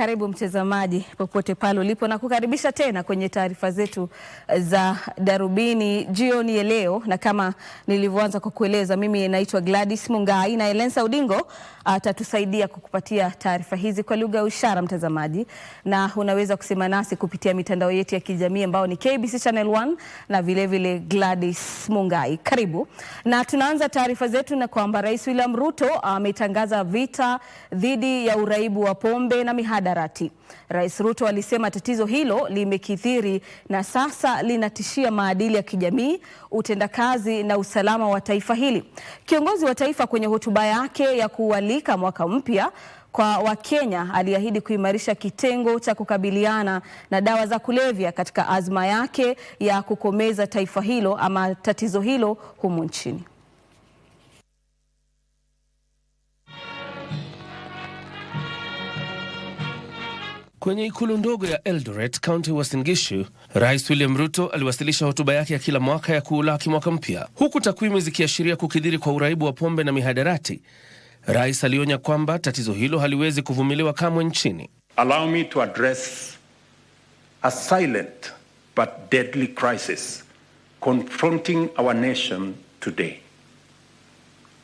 Karibu mtazamaji popote pale ulipo, na kukaribisha tena kwenye taarifa zetu eh, za Darubini jioni ya leo, na kama nilivyoanza kwa kueleza, mimi naitwa Gladys Mungai na Elensa Udingo atatusaidia kukupatia taarifa hizi kwa lugha ya ishara mtazamaji, na unaweza kusema nasi kupitia mitandao yetu ya kijamii ambao ni KBC Channel 1 na vile vile Gladys Mungai. Karibu na tunaanza taarifa zetu na kwamba Rais William Ruto ametangaza vita dhidi ya uraibu wa pombe na mihada mihadarati. Rais Ruto alisema tatizo hilo limekithiri na sasa linatishia maadili ya kijamii, utendakazi na usalama wa taifa hili. Kiongozi wa taifa kwenye hotuba yake ya kuualika mwaka mpya kwa Wakenya aliahidi kuimarisha kitengo cha kukabiliana na dawa za kulevya katika azma yake ya kukomeza taifa hilo ama tatizo hilo humu nchini. Kwenye ikulu ndogo ya Eldoret, kaunti Uasin Gishu, Rais William Ruto aliwasilisha hotuba yake ya kila mwaka ya kuulaki mwaka mpya, huku takwimu zikiashiria kukidhiri kwa uraibu wa pombe na mihadarati. Rais alionya kwamba tatizo hilo haliwezi kuvumiliwa kamwe nchini. Allow me to address a silent but deadly crisis confronting our nation today.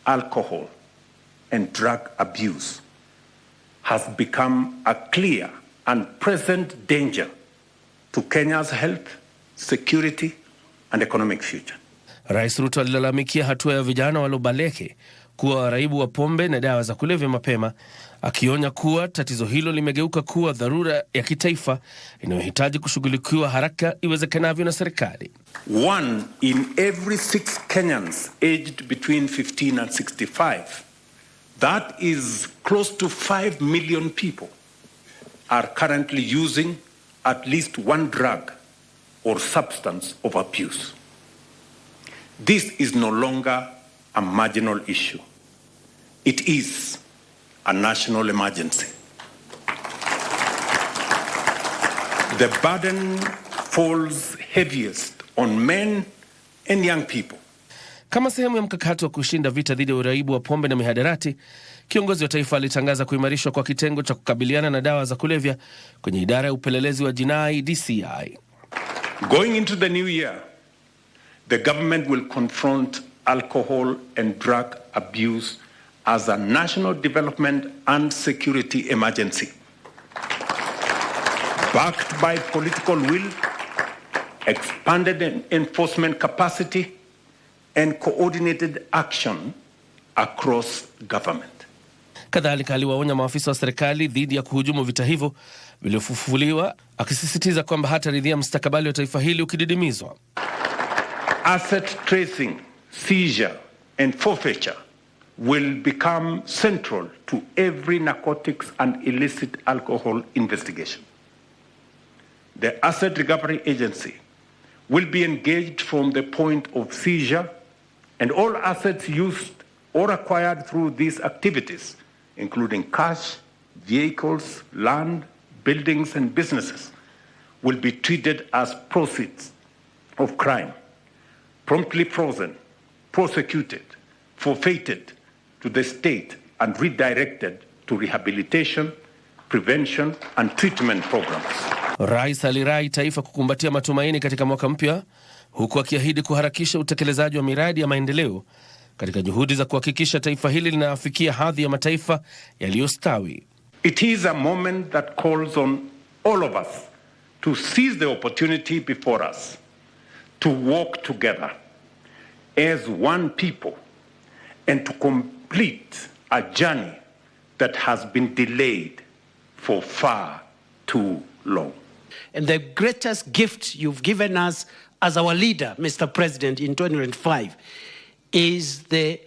Alcohol and drug abuse has become a clear and present danger to Kenya's health, security and economic future. Rais Ruto alilalamikia hatua ya vijana waliobaleke kuwa waraibu wa pombe na dawa za kulevya mapema, akionya kuwa tatizo hilo limegeuka kuwa dharura ya kitaifa inayohitaji kushughulikiwa haraka iwezekanavyo na serikali. One in every six Kenyans aged between 15 and 65. That is close to 5 million people are currently using at least one drug or substance of abuse. This is no longer a marginal issue. It is a national emergency. The burden falls heaviest on men and young people kama sehemu ya mkakati wa kushinda vita dhidi ya uraibu wa pombe na mihadarati, kiongozi wa taifa alitangaza kuimarishwa kwa kitengo cha kukabiliana na dawa za kulevya kwenye idara ya upelelezi wa jinai DCI. Going into the new year, the government will confront alcohol and drug abuse as a national development and security emergency. Backed by political will, expanded enforcement capacity and coordinated action across government. Kadhalika aliwaonya maafisa wa serikali dhidi ya kuhujumu vita hivyo vilivyofufuliwa, akisisitiza kwamba hataridhia mustakabali wa taifa hili ukididimizwa. Asset tracing, seizure and forfeiture will become central to every narcotics and illicit alcohol investigation. The Asset Recovery Agency will be engaged from the point of seizure and all assets used or acquired through these activities, including cash, vehicles, land, buildings, and businesses, will be treated as proceeds of crime, promptly frozen, prosecuted, forfeited to the state, and redirected to rehabilitation, prevention, and treatment programs. Rais alirai taifa kukumbatia matumaini katika mwaka mpya huku akiahidi kuharakisha utekelezaji wa miradi ya maendeleo katika juhudi za kuhakikisha taifa hili linafikia hadhi ya mataifa yaliyostawi. It is a moment that calls on all of us to seize the opportunity before us to walk together as one people and to complete a journey that has been delayed for far too long. And the greatest gift you've given us as our leader, Mr. President, in 2025 is the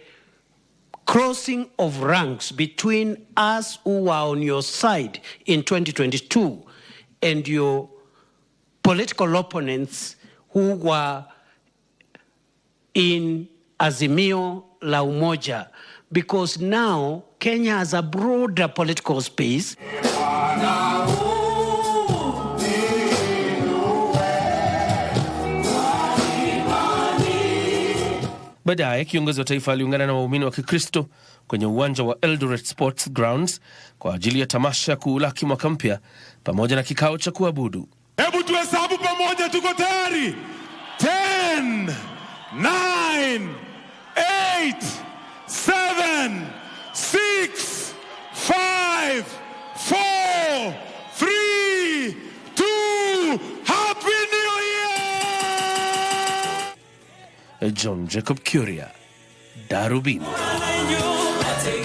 crossing of ranks between us who were on your side in 2022 and your political opponents who were in Azimio la Umoja, because now Kenya has a broader political space. Baadaye kiongozi wa taifa aliungana na waumini wa Kikristo kwenye uwanja wa Eldoret Sports Grounds kwa ajili ya tamasha ya kuulaki mwaka mpya pamoja na kikao cha kuabudu. Hebu tuhesabu pamoja, tuko tayari? John Jacob Curia, Darubini.